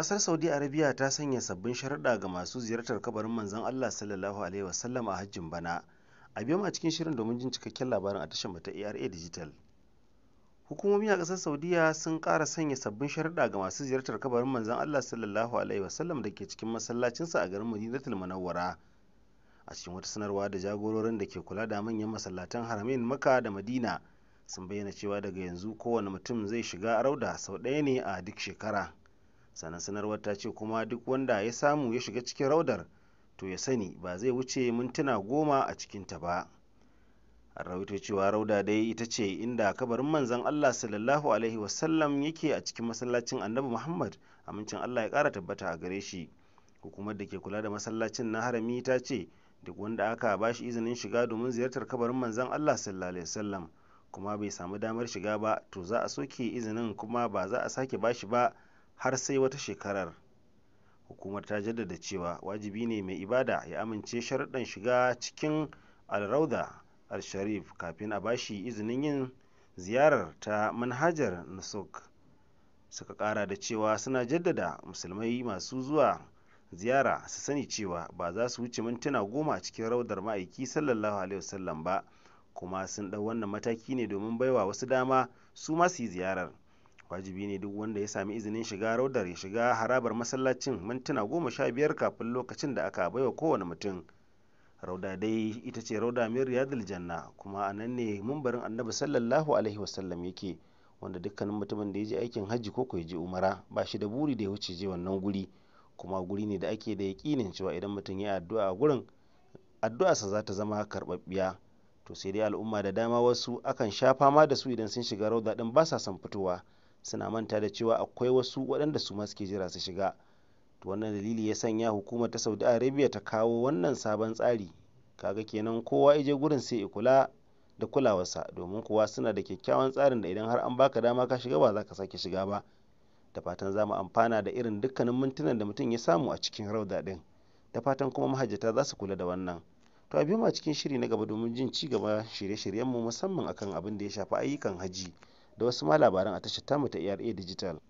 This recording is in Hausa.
kasar Saudi Arabia ta sanya sabbin sharaɗa ga masu ziyartar kabarin manzon Allah sallallahu Alaihi wasallam a hajjin bana. A biyo a cikin shirin domin jin cikakken labarin a tashar ta ARA Digital. Hukumomi a ƙasar Saudiya sun ƙara sanya sabbin sharaɗa ga masu ziyartar kabarin manzon Allah sallallahu Alaihi wasallam da ke cikin masallacinsa a garin Madinatul Munawwara. A cikin wata sanarwa da jagororin da ke kula da manyan masallatan Haramain maka da Madina sun bayyana cewa daga yanzu kowane mutum zai shiga rauda sau ɗaya ne a duk shekara. sannan sanarwar ta ce kuma duk wanda ya samu ya shiga cikin raudar to ya sani ba zai wuce mintuna goma a cikinta ba a rawaito cewa rauda dai ita ce inda kabarin manzon allah sallallahu alaihi wasallam yake a cikin masallacin annabi muhammad amincin allah ya kara tabbata a gare shi hukumar da ke kula da masallacin na harami ta ce duk wanda aka ba shi izinin shiga domin ziyartar kabarin manzon allah sallallahu alaihi wasallam kuma bai samu damar shiga ba to za a soke izinin kuma ba za a sake bashi ba har sai wata shekarar hukumar ta jaddada cewa wajibi ne mai ibada ya amince sharuɗan shiga cikin alrauda al-sharif kafin a bashi izinin yin ziyarar ta manhajar nusuk suka ƙara da cewa suna jaddada musulmai masu zuwa ziyara su sani cewa ba za su wuce mintuna goma a cikin raudar ma'aiki sallallahu alaihi wasallam ba kuma sun ɗau wannan mataki ne domin baiwa wasu dama su ma yi ziyarar wajibi ne duk wanda ya sami izinin shiga raudar ya shiga harabar masallacin mintuna goma sha biyar kafin lokacin da aka baiwa kowane mutum rauda dai ita ce rauda min riyadul janna kuma a nan ne mumbarin annabi sallallahu alaihi wasallam yake wanda dukkanin mutumin da ya je aikin hajji ko ya je umara ba shi da buri da ya wuce je wannan guri kuma guri ne da ake da yaƙinin cewa idan mutum ya addu'a a gurin addu'arsa za ta zama karɓaɓɓiya to sai dai al'umma da dama wasu akan sha fama da su idan sun shiga rauda din ba sa son fitowa suna manta da cewa akwai wasu waɗanda su ma suke jira su shiga to wannan dalili ya sanya hukumar ta saudi arabia ta kawo wannan sabon tsari kaga kenan kowa ije gurin sai i kula da kulawarsa domin kuwa suna da kyakkyawan tsarin da idan har an baka dama ka shiga ba za ka sake shiga ba da fatan za mu amfana da irin dukkanin mintunan da mutum ya samu a cikin rauda din da fatan kuma mahajjata za su kula da wannan to a biyu ma cikin shiri na gaba domin jin ci gaba shirye-shiryenmu musamman akan abin da ya shafi ayyukan haji da wasu ma labaran a tashar tamu ta ERA Digital.